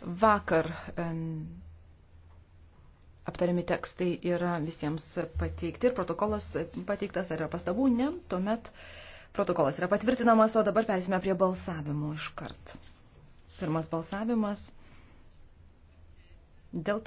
Vakar aptariami tekstai yra visiems pateikti ir protokolas pateiktas, ar yra pastabų, ne, tuomet protokolas yra patvirtinamas, o dabar persime prie balsavimo iškart. Pirmas balsavimas dėl